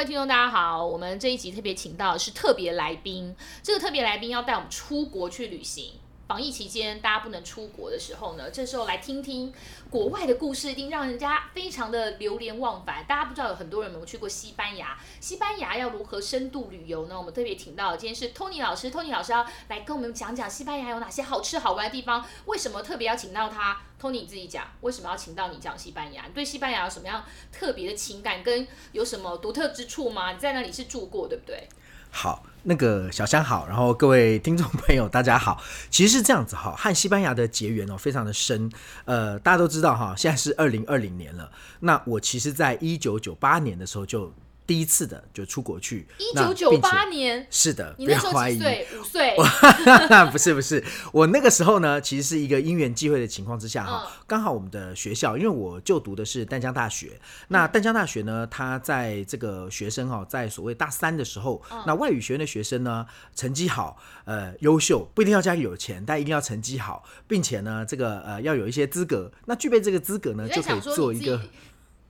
各位聽眾大家好，我們這一集特別請到的是特別來賓，這個特別來賓要帶我們出國去旅行。防疫期間，大家不能出國的時候呢，這時候來聽聽國外的故事，一定讓人家非常的流連忘返。大家不知道有很多人有沒有去過西班牙？西班牙要如何深度旅遊呢？我們特別請到了今天是 Tony 老師，Tony 老師要來跟我們講講西班牙有哪些好吃好玩的地方。為什麼特別要請到他？Tony 你自己講，為什麼要請到你講西班牙？你對西班牙有什麼樣特別的情感跟有什麼獨特之處嗎？你在那裡是住過，對不對？好，那個小香好，然後各位聽眾朋友大家好，其實是這樣子哈、哦，和西班牙的結緣哦，非常的深，呃，大家都知道哈、哦，現在是二零二零年了，那我其實，在一九九八年的時候就。第一次的就出國去，一九九八年是的，你不要懷疑。幾不是不是，我那個時候呢，其實是一個因緣際會的情況之下哈。剛、嗯、好我們的學校，因為我就讀的是淡江大學。那淡江大學呢，它、嗯、在這個學生哈、喔，在所謂大三的時候，嗯、那外語學院的學生呢，成績好，呃，優秀，不一定要家裡有錢，但一定要成績好，並且呢，這個呃，要有一些資格。那具備這個資格呢，就可以做一個。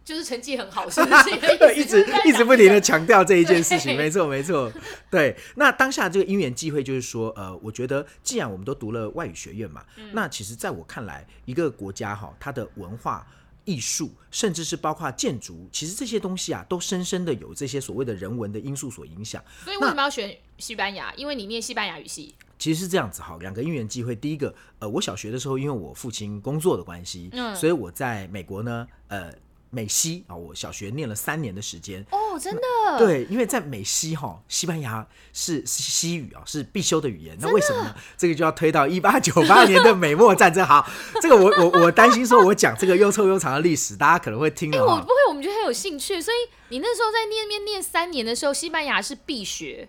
就是成績很好，是不是？ 一直、 這個、一直不停的強調這一件事情，對沒錯沒錯。對，那當下這個因緣際會就是說，呃，我覺得既然我們都讀了外語學院嘛，嗯、那其實在我看來，一個國家哈，它的文化、藝術，甚至是包括建築，其實這些東西啊，都深深的有這些所謂的人文的因素所影響。所以為什麼要選西班牙？那因為你念西班牙語系，其實是這樣子哈。兩個因緣際會，第一個，呃，我小學的時候，因為我父親工作的關係，嗯、所以我在美國呢，呃。美西啊，我小學念了三年的時間。哦，真的。對，因為在美西哈，西班牙是，是西語啊，是必修的語言。那為什麼呢？的這個就要推到一八九八年的美墨戰爭。 好，這個我我我擔心說，我講這個又臭又長的歷史， 大家可能會聽了、欸。我不會，我們覺得很有興趣。所以你那時候在念念念三年的時候，西班牙是必學。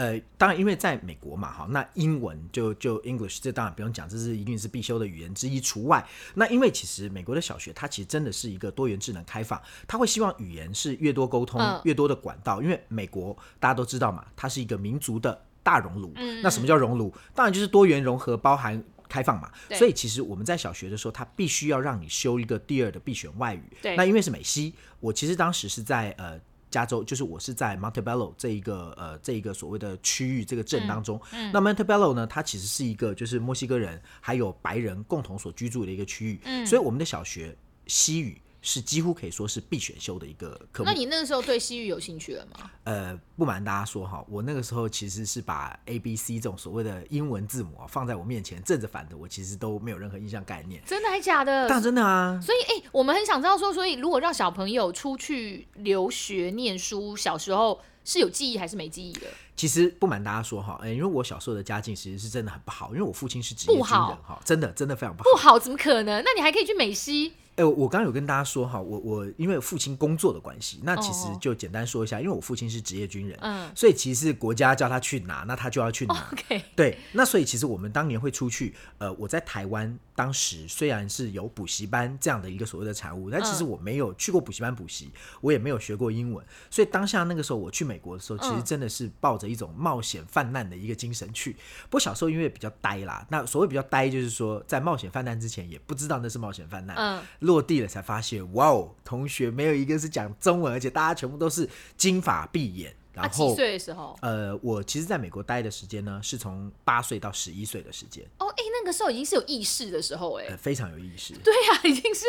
呃，當然，因為在美國嘛，哈，那英文就就 English，這當然不用講，這是一定是必修的語言之一，除外。那因為其實美國的小學，它其實真的是一個多元智能開放，他會希望語言是越多溝通、越多的管道，嗯、因為美國大家都知道嘛，它是一個民族的大熔爐。嗯、那什麼叫熔爐？當然就是多元融合、包含開放嘛。對。所以其實我們在小學的時候，他必須要讓你修一個第二的必選外語。對。那因為是美西，我其實當時是在呃。加州就是我是在 Montebello 這一個呃這一個所謂的區域這個鎮當中，嗯嗯、那 Montebello 呢，它其實是一個就是墨西哥人還有白人共同所居住的一個區域，嗯、所以我們的小學西語是幾乎可以說是必選修的一個科目。那你那個時候對西語有興趣了嗎？呃，不瞞大家說哈，我那個時候其實是把 A、B、C 這種所謂的英文字母啊，放在我面前正着反着，我其實都沒有任何印象概念。真的還假的？但真的啊。所以，哎、欸，我們很想知道說，所以如果讓小朋友出去留學念書，小時候是有記憶還是沒記憶的？其實不瞞大家說哈，哎、欸，因為我小時候的家境其實是真的很不好，因為我父親是職業軍人哈好，真的真的非常不好。不好？怎麼可能？那你還可以去美西。哎、欸，我剛剛有跟大家說哈，我我因為父親工作的關係，那其實就簡單說一下，oh. 因為我父親是職業軍人，uh. 所以其實國家叫他去哪，那他就要去哪。Okay. 對，那所以其實我們當年會出去，呃，我在台灣。當時雖然是有補習班這樣的一個所謂的產物，但其實我沒有去過補習班補習，我也沒有學過英文，所以當下那個時候我去美國的時候，其實真的是抱着一種冒險犯難的一個精神去。不過小時候因為比較呆啦，那所謂比較呆，就是說在冒險犯難之前也不知道那是冒險犯難，落地了才發現，哇哦，同學沒有一個是講中文，而且大家全部都是金髮碧眼。然後啊，七歲的時候？呃，我其實在美國待的時間呢，是從八歲到十一歲的時間。哦，哎，那個時候已經是有意識的時候，哎、呃，非常有意識。對呀、啊，已經是，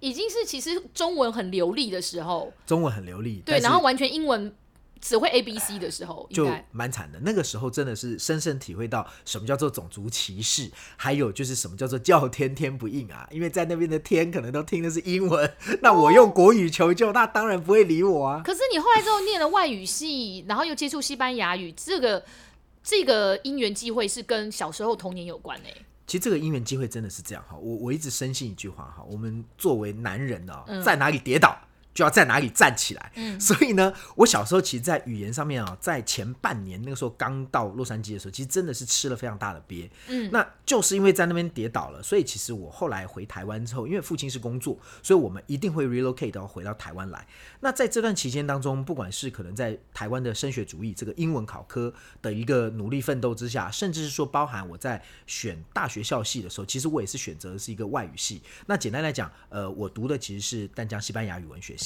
已經是，其實中文很流利的時候。中文很流利。對，是然後完全英文。只會 A B C 的時候就蠻慘的，該那個時候真的是深深體會到什麼叫做種族歧視，還有就是什麼叫做叫天天不應啊！因為在那邊的天可能都聽的是英文。嗯、那我用國語求救，那當然不會理我啊。可是你後來之後念了外語系， 然後又接觸西班牙語，這個這個因緣機會是跟小時候童年有關呢？欸，其實這個因緣機會真的是這樣哈，我我一直深信一句話哈，我們作為男人呢，在哪裡跌倒，嗯就要在哪裡站起來？嗯，所以呢，我小時候其實，在語言上面啊，在前半年那個時候剛到洛杉磯的時候，其實真的是吃了非常大的鱉。嗯，那就是因為在那邊跌倒了，所以其實我後來回台灣之後，因為父親是工作，所以我們一定會 relocate 回到台灣來。那在這段期間當中，不管是可能在台灣的升學主義、這個英文考科的一個努力奮鬥之下，甚至是說包含我在選大學校系的時候，其實我也是選擇的是一個外語系。那簡單來講，呃，我讀的其實是淡江西班牙語文學系。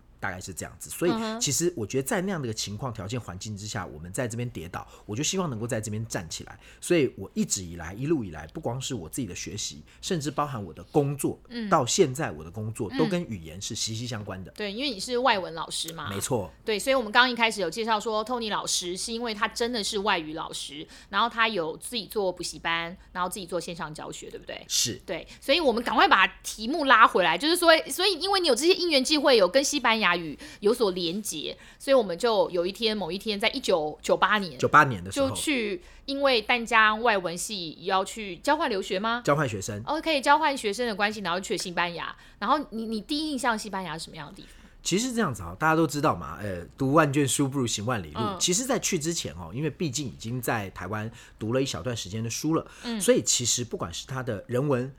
大概是這樣子，所以其實我覺得在那樣的一個情況、條件、環境之下，我們在這邊跌倒，我就希望能夠在這邊站起來。所以我一直以來、一路以來，不光是我自己的學習，甚至包含我的工作，嗯、到現在我的工作、嗯、都跟語言是息息相關的。對，因為你是外文老師嘛，沒錯。對，所以我們剛剛一開始有介紹說，Tony 老師是因為他真的是外語老師，然後他有自己做補習班，然後自己做線上教學，對不對？是對。所以我們趕快把題目拉回來，就是說，所以因為你有這些因緣際會，有跟西班牙，有所連結，所以我們就有一天，某一天，在一九九八年，九八年的時候，就去，因為淡江外文系要去交換留學嗎？交換學生，OK，交換學生的關係，然後去西班牙。然後你，你第一印象，西班牙是什麼樣的地方？其實這樣子啊、喔，大家都知道嘛，呃，讀萬卷書不如行萬里路。嗯、其實，在去之前哦、喔，因為畢竟已經在台灣讀了一小段時間的書了，嗯、所以其實不管是它的人文、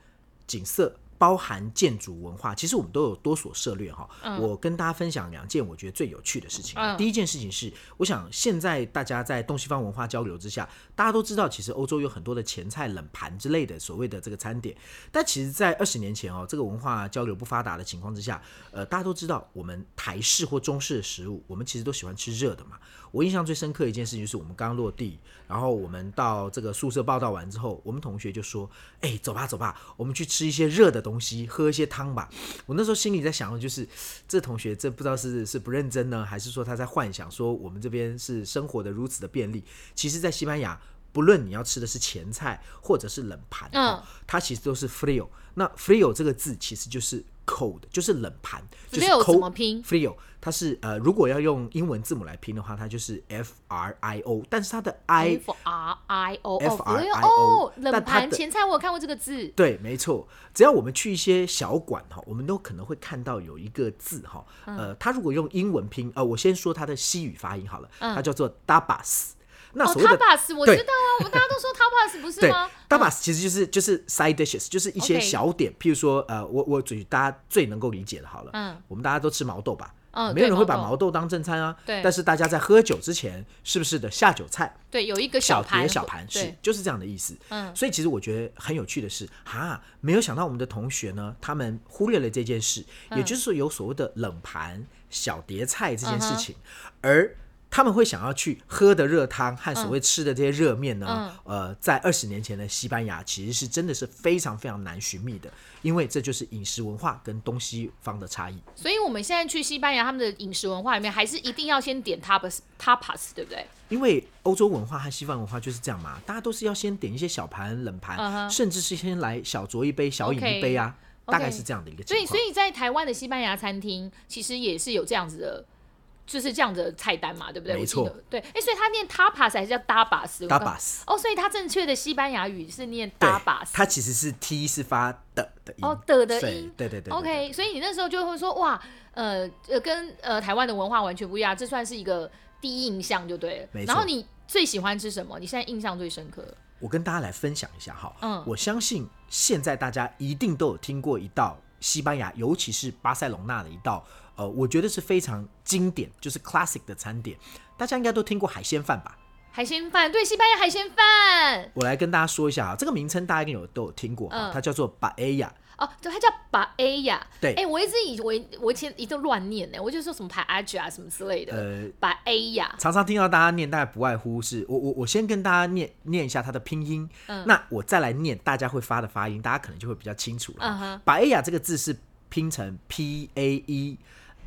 景色，包含建築文化，其實我們都有多所涉獵。哈、嗯。我跟大家分享兩件我覺得最有趣的事情。嗯、第一件事情是，我想現在大家在東西方文化交流之下，大家都知道，其實歐洲有很多的前菜、冷盤之類的所謂的這個餐點。但其實，在二十年前哦，這個文化交流不發達的情況之下、呃，大家都知道我們台式或中式的食物，我們其實都喜歡吃熱的嘛。我印象最深刻的一件事情就是我們剛落地，然後我們到這個宿舍報到完之後，我們同學就說：“哎、欸，走吧走吧，我們去吃一些熱的東西，喝一些湯吧。”我那時候心裡在想的就是，這同學這不知道是是不認真呢，還是說他在幻想說我們這邊是生活的如此的便利。其實，在西班牙，不論你要吃的是前菜或者是冷盤，嗯、它其實都是 frío 那 frío 這個字其實就是。Code 就是冷盤，free 怎麼拼？Frio，它是呃，如果要用英文字母來拼的話，它就是 F R I O，但是它的 I F R I O F R I O 冷盤前菜，我有看過這個字。對，沒錯，只要我們去一些小館哈，我們都可能會看到有一個字哈，呃，它如果用英文拼呃，我先說它的西語發音好了，它叫做 tapas 那 tapas 我知道啊，大家都說 tapas 不是嗎？其實就是就是 side dishes，就是一些小點，譬如說呃，我我最大家最能夠理解的，好了，嗯，我們大家都吃毛豆吧，嗯，沒有人會把毛豆當正餐啊，對，但是大家在喝酒之前是不是的下酒菜？對，有一個小碟小盤，是就是這樣的意思，嗯，所以其實我覺得很有趣的是，哈，沒有想到我們的同學呢，他們忽略了這件事，也就是說有所謂的冷盤小碟菜這件事情，而。他們會想要去喝的熱湯和所謂吃的這些熱麵呢？呃，在二十年前的西班牙，其實是真的是非常非常難尋覓的，因為這就是飲食文化跟東西方的差異。所以我們現在去西班牙，他們的飲食文化裡面還是一定要先點 tapas，tapas，對不對？因為歐洲文化和西方文化就是這樣嘛，大家都是要先點一些小盤、冷盤，甚至是先來小酌一杯、小飲一杯啊，大概是這樣的一個情況。所以，所以在台灣的西班牙餐廳，其實也是有這樣子的。就是這樣子的菜單嘛，對不對？沒錯錯。對，哎、欸，所以他念 tapas 還是叫 dapas？dapas。哦，所以他正確的西班牙語是念 dapas。它其實是 t 是發的的音。哦，的的音。對對對。OK，所以你那時候就會說哇，呃呃，跟呃台灣的文化完全不一樣，這算是一個第一印象就對了。沒錯錯。然後你最喜歡吃什麼？你現在印象最深刻？我跟大家來分享一下哈。嗯。我相信現在大家一定都有聽過一道西班牙，尤其是巴塞隆納的一道。我覺得是非常經典，就是 classic 的餐點，大家應該都聽過海鮮飯吧？海鮮飯，對，西班牙海鮮飯。我來跟大家說一下啊，這個名稱大家一定有都有聽過啊，嗯、它叫做 Paella 哦，對，它叫 Paella 對，哎、欸，我一直以為我,我以前一直亂念呢，我就說什麼 p a g l a 什麼之類的。呃 Paella 常常聽到大家念，大家不外乎是，我我我先跟大家念念一下它的拼音，嗯、那我再來念大家會發的發音，大家可能就會比較清楚了。Paella 這個字是拼成 P-A-E。A e,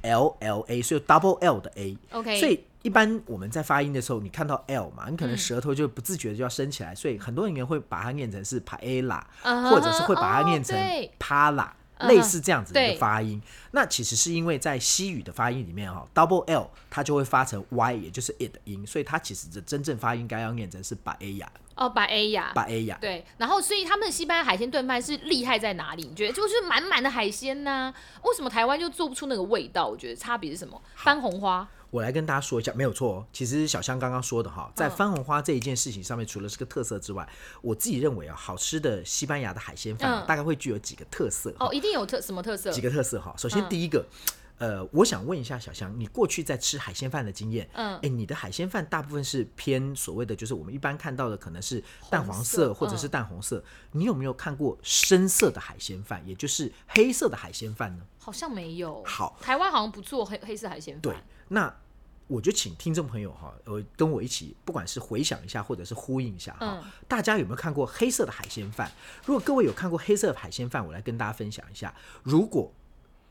L L A，所以 double L 的 A，Okay. 所以一般我們在發音的時候，你看到 L 嘛，你可能舌頭就不自覺就要升起來，嗯、所以很多人會把它念成是 paella 或者是會把它念成 Pa la、uh-huh. Oh, right. 類似這樣子的一個發音，嗯、那其實是因為在西語的發音裡面哈、喔、，Double L 它就會發成 Y，也就是 It 音，所以它其實的真正發音該要念成是 paella 哦，paella，paella ella 對。然後所以他們的西班牙海鮮燉飯是厲害在哪裡？你覺得就是滿滿的海鮮呢、啊？為什麼台灣就做不出那個味道？我覺得差別是什麼？好番紅花。我來跟大家說一下，沒有錯哦、喔。其實小香剛剛說的哈，在番紅花這一件事情上面，除了是個特色之外，嗯、我自己認為啊、喔，好吃的西班牙的海鮮飯、啊嗯、大概會具有幾個特色哦，一定有特什麼特色？幾個特色哈。首先第一個，嗯、呃，我想問一下小香，你過去在吃海鮮飯的經驗，嗯，哎，欸、你的海鮮飯大部分是偏所謂的，就是我們一般看到的可能是淡黃色或者是淡紅色，嗯、你有沒有看過深色的海鮮飯，也就是黑色的海鮮飯呢？好像沒有。好，台灣好像不做黑黑色海鮮飯。對，那。我就請聽眾朋友哈，呃，跟我一起，不管是回想一下，或者是呼應一下哈，大家有沒有看過黑色的海鮮飯？如果各位有看過黑色的海鮮飯，我來跟大家分享一下。如果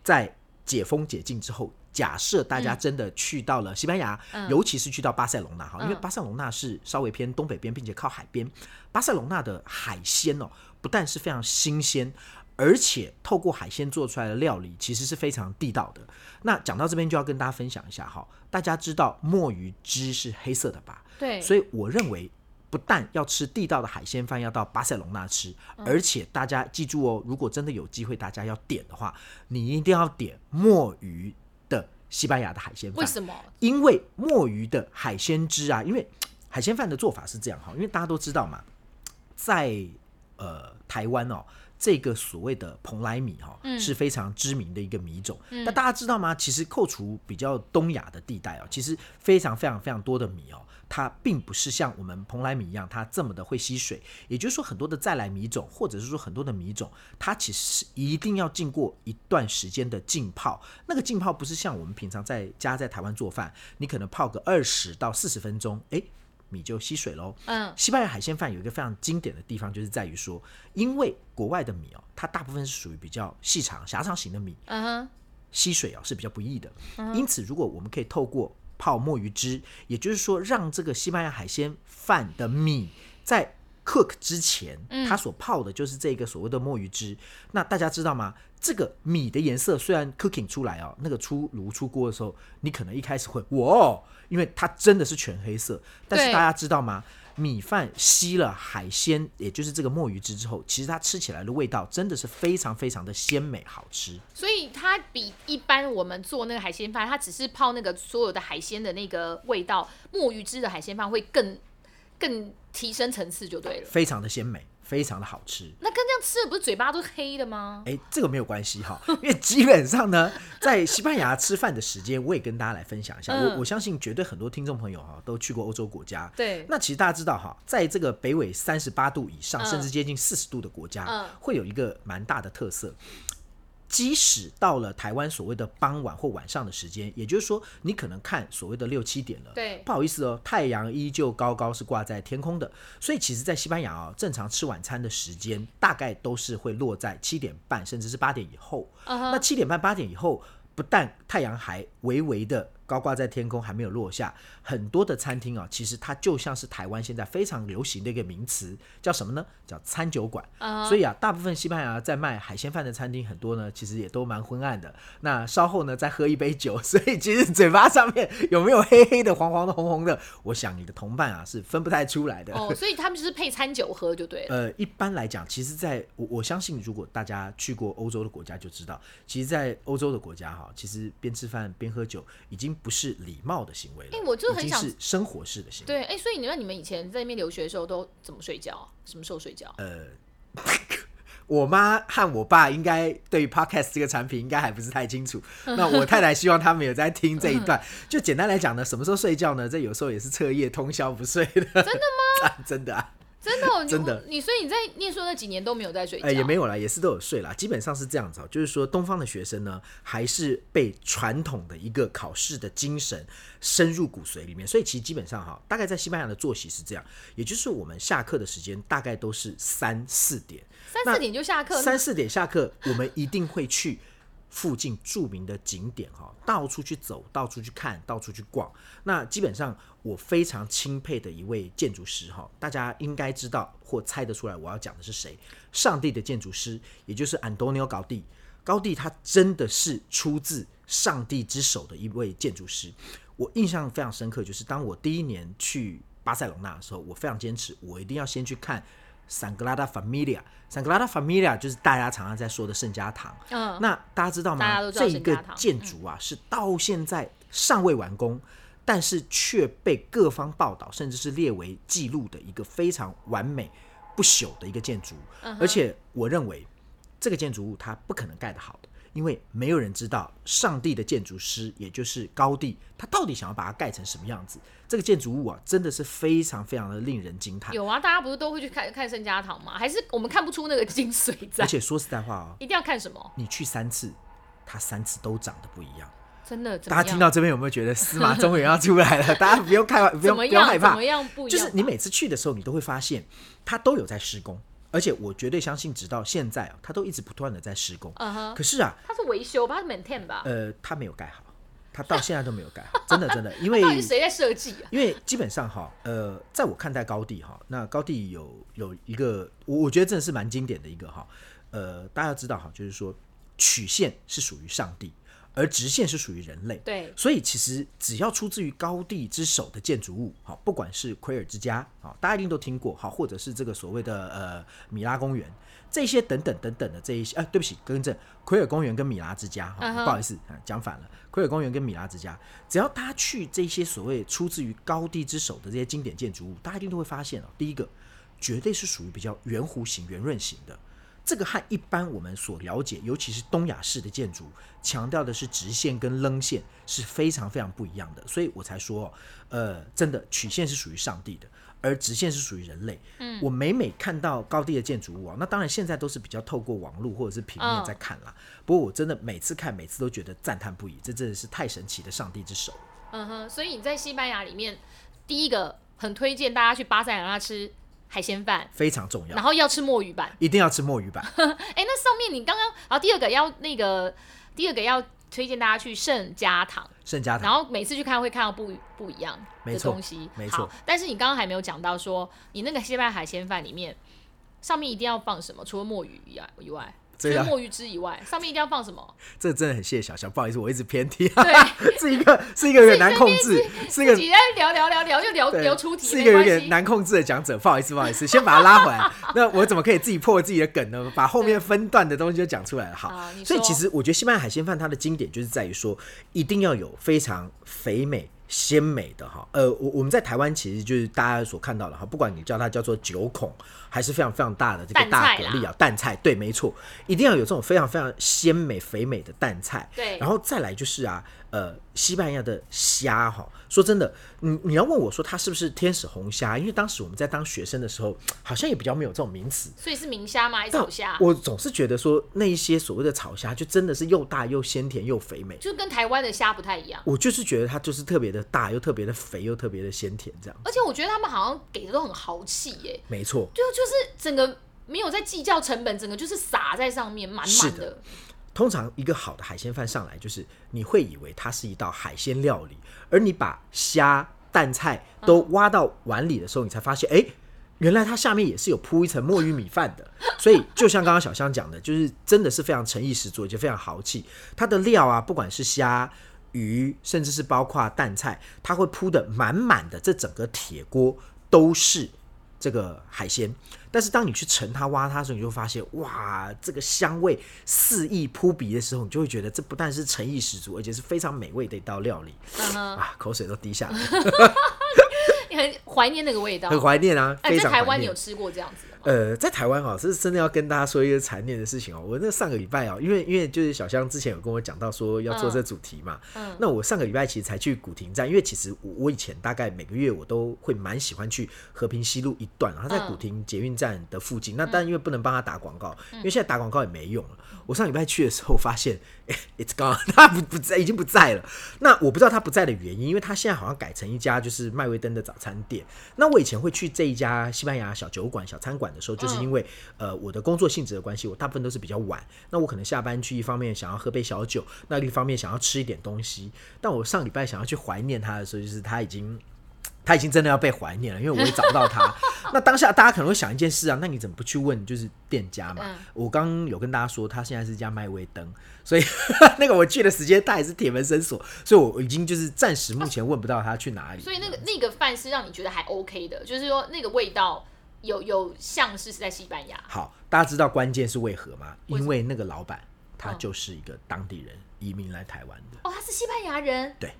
在解封解禁之後，假設大家真的去到了西班牙，尤其是去到巴塞隆納哈，因為巴塞隆納是稍微偏東北邊，並且靠海邊，巴塞隆納的海鮮哦，不但是非常新鮮。而且透過海鮮做出來的料理，其實是非常地道的。那講到這邊，就要跟大家分享一下哈。大家知道墨魚汁是黑色的吧？對。所以我認為，不但要吃地道的海鮮飯，要到巴塞隆納吃，而且大家記住哦、喔，嗯、如果真的有機會，大家要點的話，你一定要點墨魚的西班牙的海鮮飯。為什麼？因為墨魚的海鮮汁啊，因為海鮮飯的做法是這樣哈，因為大家都知道嘛，在呃台灣哦、喔。這個所謂的蓬萊米哈、哦、是非常知名的一個米種，那、嗯、大家知道嗎？其實扣除比較東亞的地帶、哦、其實非常非常非常多的米哦，它並不是像我們蓬萊米一樣，它這麼的會吸水。也就是說，很多的在來米種，或者是說很多的米種，它其實是一定要經過一段時間的浸泡。那個浸泡不是像我們平常在家在台灣做飯，你可能泡個二十到四十分鐘，誒米就吸水嘍。嗯，西班牙海鮮飯有一個非常經典的地方，就是在於說，因為國外的米哦、啊，它大部分是屬於比較細長、狹長型的米，嗯哼，吸水哦、啊是比較不易的。因此，如果我們可以透過泡墨魚汁，也就是說，讓這個西班牙海鮮飯的米在 Cook 之前，它所泡的就是這個所謂的墨魚汁。嗯、那大家知道嗎？這個米的顏色雖然 Cooking 出來哦，那個出爐出鍋的時候，你可能一開始會哇，因為它真的是全黑色。但是大家知道嗎？對米飯吸了海鮮，也就是這個墨魚汁之後，其實它吃起來的味道真的是非常非常的鮮美，好吃。所以它比一般我們做那個海鮮飯，它只是泡那個所有的海鮮的那個味道，墨魚汁的海鮮飯會更，更提升層次就對了，非常的鮮美，非常的好吃。那跟這樣吃的不是嘴巴都黑的嗎？哎、欸，這個沒有關係哈、喔， 因為基本上呢，在西班牙吃飯的時間，我也跟大家來分享一下。嗯、我我相信絕對很多聽眾朋友哈都去過歐洲國家。對，那其實大家知道哈、喔，在這個北緯三十八度以上，嗯、甚至接近四十度的國家，嗯、會有一個蠻大的特色。即使到了台灣所謂的傍晚或晚上的時間，也就是說，你可能看所謂的六七點了，對，不好意思哦，太陽依舊高高是掛在天空的。所以，其實，在西班牙啊、哦，正常吃晚餐的時間大概都是會落在七點半甚至是八點以後。Uh huh. 那七點半八點以後，不但太陽還微微的。高掛在天空還沒有落下，很多的餐廳啊，其實它就像是台灣現在非常流行的一個名詞，叫什麼呢？叫餐酒館。所以啊，大部分西班牙在賣海鮮飯的餐廳很多呢，其實也都蠻昏暗的。那稍後呢，再喝一杯酒，所以其實嘴巴上面有沒有黑黑的、黃黃的、紅紅的，我想你的同伴啊是分不太出來的哦。所以他們就是配餐酒喝就對了。呃，一般來講，其實在我我相信，如果大家去過歐洲的國家就知道，其實，在歐洲的國家哈，其實邊吃飯邊喝酒已經。不是禮貌的行為，欸、我就很想是生活式的行為，對、欸，所以你說你們以前在那邊留學的時候都怎麼睡覺、啊？什麼時候睡覺？呃，我媽和我爸應該對於 podcast 這個產品應該還不是太清楚。 那我太太希望他們有在聽這一段。 就簡單來講呢，什麼時候睡覺呢？這有時候也是徹夜通宵不睡的，真的嗎？啊？真的啊。真的，哦、真的，真的，你所以你在念書那幾年都沒有在睡覺？呃，也沒有啦，也是都有睡啦。基本上是這樣子，喔，就是說，東方的學生呢，還是被傳統的一個考試的精神深入骨髓裡面。所以其實基本上哈，大概在西班牙的作息是這樣，也就是我們下課的時間大概都是三四點，三四點就下課，三四點下課，我們一定會去。 附近著名的景點哈，到處去走，到處去看，到處去逛。那基本上，我非常欽佩的一位建築師哈，大家應該知道或猜得出來，我要講的是誰？上帝的建築師，也就是安東尼奧·高蒂。高蒂他真的是出自上帝之手的一位建築師。我印象非常深刻，就是當我第一年去巴塞隆納的時候，我非常堅持，我一定要先去看。聖格拉達·法米利亞，聖格拉達· familia 就是大家常常在說的聖家堂。嗯，uh, 那大家知道嗎？大家都知道聖家堂。這一個建築啊，嗯、是到現在尚未完工，但是卻被各方報道，甚至是列為記錄的一個非常完美、不朽的一個建築。Uh huh、而且我認為，這個建築物它不可能蓋得好的。因為沒有人知道上帝的建築師，也就是高第，他到底想要把它蓋成什麼樣子。這個建築物啊，真的是非常非常的令人驚嘆。有啊，大家不是都會去看看聖家堂嗎？還是我們看不出那個精髓在？而且說實在話哦，一定要看什麼？你去三次，它三次都長得不一樣。真的？大家聽到這邊有沒有覺得司馬中原要出來了？ 大家不用看，不用，怎麼樣不用害怕。怎麼樣不一樣。就是你每次去的時候，你都會發現它都有在施工。而且我絕對相信，直到現在啊，他都一直不斷的在施工。Uh、huh, 可是啊，它是維修，它是 maintain 吧？Ain 吧呃，他沒有蓋好，他到現在都沒有蓋好， 真的真的。因為誰在設計啊？因為基本上哈、啊，呃，在我看待高地哈、啊，那高地有有一個，我我覺得真的是蠻經典的一個哈、啊，呃，大家要知道哈、啊，就是說曲線是屬於上帝。而直線是屬於人類，對，所以其實只要出自於高第之手的建築物，好，不管是奎爾之家，好，大家一定都聽過，好，或者是這個所謂的呃米拉公園，這些等等等等的這一些，啊，對不起，更正，奎爾公園跟米拉之家，uh huh. 不好意思啊，講反了，奎爾公園跟米拉之家，只要他去這些所謂出自於高第之手的這些經典建築物，大家一定都會發現哦，第一個絕對是屬於比較圓弧形、圓潤型的。這個和一般我們所了解，尤其是東亞式的建築，強調的是直線跟稜線，是非常非常不一樣的。所以我才說，呃，真的曲線是屬於上帝的，而直線是屬於人類。嗯，我每每看到高地的建築物啊，那當然現在都是比較透過網絡或者是平面在看啦。哦、不過我真的每次看，每次都覺得讚嘆不已，這真的是太神奇的上帝之手。嗯哼，所以你在西班牙裡面，第一個很推薦大家去巴塞隆納吃。海鮮飯非常重要，然後要吃墨魚飯，一定要吃墨魚飯。哎、 欸，那上面你剛剛，然後第二個要那個，第二個要推薦大家去盛家堂。盛家堂，然後每次去看會看到不不一樣的錯東西，沒錯。但是你剛剛還沒有講到說，你那個西班牙海鮮飯裡面上面一定要放什麼？除了墨魚以外以外。除了墨魚汁以外，上面一定要放什麼？這真的很謝謝小小，不好意思，我一直偏題，是一個是一個有點難控制，是一個你在聊聊聊聊就聊聊出題，是一個有點難控制的講者，不好意思，不好意思，先把它拉回來。那我怎麼可以自己破自己的梗呢？把後面分段的東西就講出來了。好，所以其實我覺得西班牙海鮮飯它的經典就是在於說，一定要有非常肥美。鮮美的哈，呃，我我們在台灣其實就是大家所看到的哈，不管你叫它叫做九孔，還是非常非常大的這個大果粒啊、淡菜，對，沒錯，一定要有這種非常非常鮮美肥美的淡菜，對，然後再來就是啊。呃，西班牙的蝦哈，說真的，你你要問我說它是不是天使紅蝦？因為當時我們在當學生的時候，好像也比較沒有這種名詞。所以是明蝦嗎？還是草蝦？我總是覺得說那一些所謂的草蝦，就真的是又大又鮮甜又肥美，就跟台灣的蝦不太一樣。我就是覺得它就是特別的大，又特別的肥，又特別的鮮甜，這樣。而且我覺得他們好像給的都很豪氣耶。沒錯，就就是整個沒有在計較成本，整個就是撒在上面，滿滿的。通常一個好的海鮮飯上來，就是你會以為它是一道海鮮料理，而你把蝦、淡菜都挖到碗裡的時候，你才發現，哎、嗯，原來它下面也是有鋪一層墨魚米飯的。 所以就像剛剛小香講的，就是真的是非常誠意十足，而且非常豪氣。它的料啊，不管是蝦、魚，甚至是包括淡菜，它會鋪得滿滿的，這整個鐵鍋都是。這個海鮮，但是當你去盛它、挖它的時候，你就發現，哇，這個香味四溢撲鼻的時候，你就會覺得這不但是誠意十足，而且是非常美味的一道料理，uh huh. 啊，口水都滴下來。 你很懷念那個味道，很懷念啊。在、欸、台灣你有吃過這樣子？呃，在台灣哦、啊，是真的要跟大家說一個殘念的事情哦、啊。我那上個禮拜哦、啊，因為因為就是小香之前有跟我講到說要做這主題嘛，嗯，那我上個禮拜其實才去古亭站，因為其實我，我以前大概每個月我都會蠻喜歡去和平西路一段、啊，他在古亭捷運站的附近。那但是因為不能幫他打廣告，因為現在打廣告也沒用了。我上禮拜去的時候，發現、欸、it's gone，他不不在，已經不在了。那我不知道他不在的原因，因為他現在好像改成一家就是麥味登的早餐店。那我以前會去這一家西班牙小酒館、小餐館的。的時候，就是因為呃我的工作性質的關係，我大部分都是比較晚。那我可能下班去，一方面想要喝杯小酒，那另一方面想要吃一點東西。但我上禮拜想要去懷念他的時候，就是他已經他已經真的要被懷念了，因為我也找不到他。 那當下大家可能會想一件事啊，那你怎麼不去問？就是店家嘛。我剛有跟大家說，他現在是一家麥味登，所以 那個我去的時間，他也是鐵門深鎖，所以我已經就是暫時目前問不到他去哪裡、啊。所以那個那個飯是讓你覺得還 OK 的，就是說那個味道。有有像是是在西班牙，好，大家知道關鍵是為何嗎？因為那個老闆他就是一個當地人，移民來台灣的。哦，他是西班牙人。對、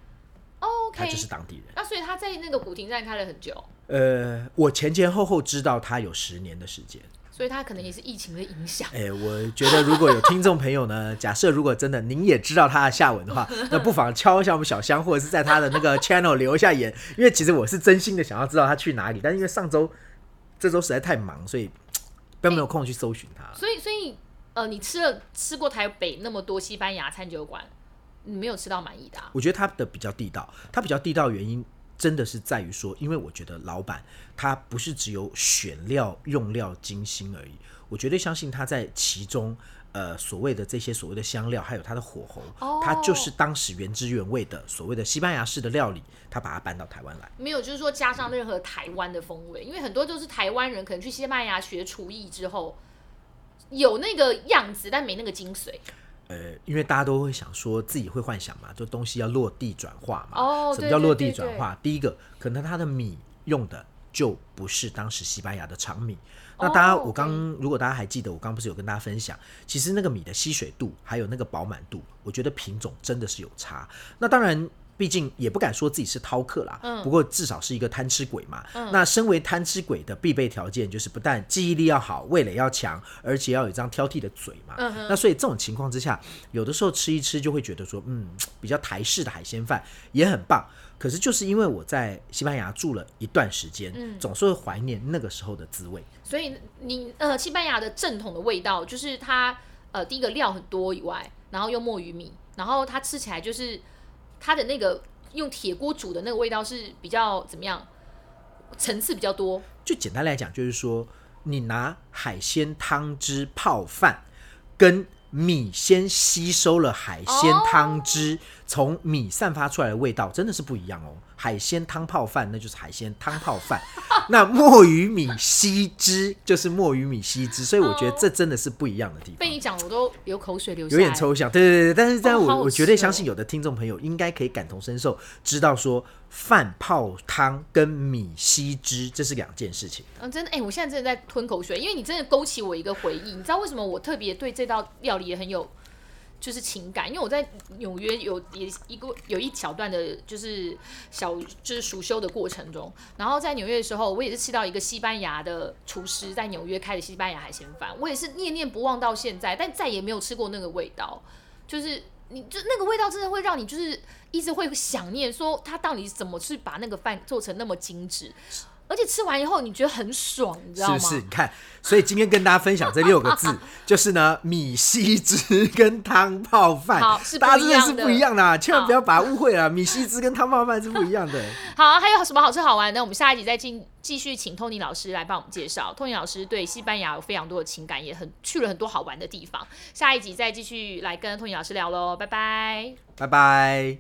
oh, okay. 他就是當地人。那所以他在那個古亭站開了很久。呃，我前前後後知道他有十年的時間，所以他可能也是疫情的影響。哎、欸，我覺得如果有聽眾朋友呢， 假設如果真的您也知道他的下文的話，那不妨敲一下我們小香， 或者是在他的那個 channel 留一下言，因為其實我是真心的想要知道他去哪裡，但是因為上周。這週實在太忙，所以要沒有空去搜尋它、欸。所以，所以，呃，你吃了吃過台北那麼多西班牙餐酒館，你沒有吃到滿意的、啊？我覺得它的比較地道，它比較地道的原因真的是在於說，因為我覺得老板他不是只有選料用料精心而已，我絕對相信他在其中。呃，所謂的這些所謂的香料，還有它的火候，它就是當時原汁原味的所謂的西班牙式的料理，他把它搬到台灣來。沒有，就是說加上任何台灣的風味，嗯、因為很多都是台灣人可能去西班牙學廚藝之後，有那個樣子，但沒那個精髓。呃，因為大家都會想說自己會幻想嘛，就東西要落地轉化嘛。哦，什麼叫落地轉化？哦、對對對對。第一個，可能他的米用的就不是當時西班牙的長米。那大家，哦嗯、我剛如果大家還記得，我剛不是有跟大家分享，其實那個米的吸水度還有那個飽滿度，我覺得品種真的是有差。那當然，畢竟也不敢說自己是饕客啦，不過至少是一個貪吃鬼嘛。嗯、那身為貪吃鬼的必備條件，就是不但記憶力要好，味蕾要強，而且要有一張挑剔的嘴嘛。嗯、哼那所以這種情況之下，有的時候吃一吃就會覺得說，嗯，比較台式的海鮮飯也很棒。可是就是因為我在西班牙住了一段時間，總是會懷念那個時候的滋味。嗯，所以你呃，西班牙的正統的味道就是它呃，第一個料很多以外，然後用墨魚米，然後它吃起來就是它的那個用鐵鍋煮的那個味道是比較怎麼樣，層次比較多。就簡單來講，就是說你拿海鮮湯汁泡飯跟。米先吸收了海鮮湯汁，Oh. 從米散發出來的味道真的是不一樣哦。海鮮湯泡飯，那就是海鮮湯泡飯。 那墨魚米吸汁就是墨魚米吸汁。所以我覺得這真的是不一樣的地方。呃、被你講，我都有口水流下來。有點抽象，對對對。但是在我，哦、好好吃耶。我絕對相信有的聽眾朋友應該可以感同身受，知道說飯泡湯跟米吸汁這是兩件事情。嗯、呃，真的，哎、欸，我現在真的在吞口水，因為你真的勾起我一個回憶。你知道為什麼我特別對這道料理也很有？就是情感，因為我在紐約有也一個有一小段的就小，就是小就是暑修的過程中，然後在紐約的時候，我也是吃到一個西班牙的廚師在紐約開的西班牙海鮮飯，我也是念念不忘到現在，但再也沒有吃過那個味道。就是你就那個味道真的會讓你就是一直會想念，說他到底怎麼去把那個飯做成那麼精緻。而且吃完以後你覺得很爽，你知道嗎？是是，你看，所以今天跟大家分享這六個字， 就是呢，米稀汁跟湯泡飯是大家真的是不一樣的，千萬不要把它誤會了。米稀汁跟湯泡飯是不一樣的。好，還有什麼好吃好玩的？我們下一集再繼繼續請 Tony 老師來幫我們介紹。Tony 老師對西班牙有非常多的情感，也很去了很多好玩的地方。下一集再繼續來跟 Tony 老師聊嘍，拜拜，拜拜。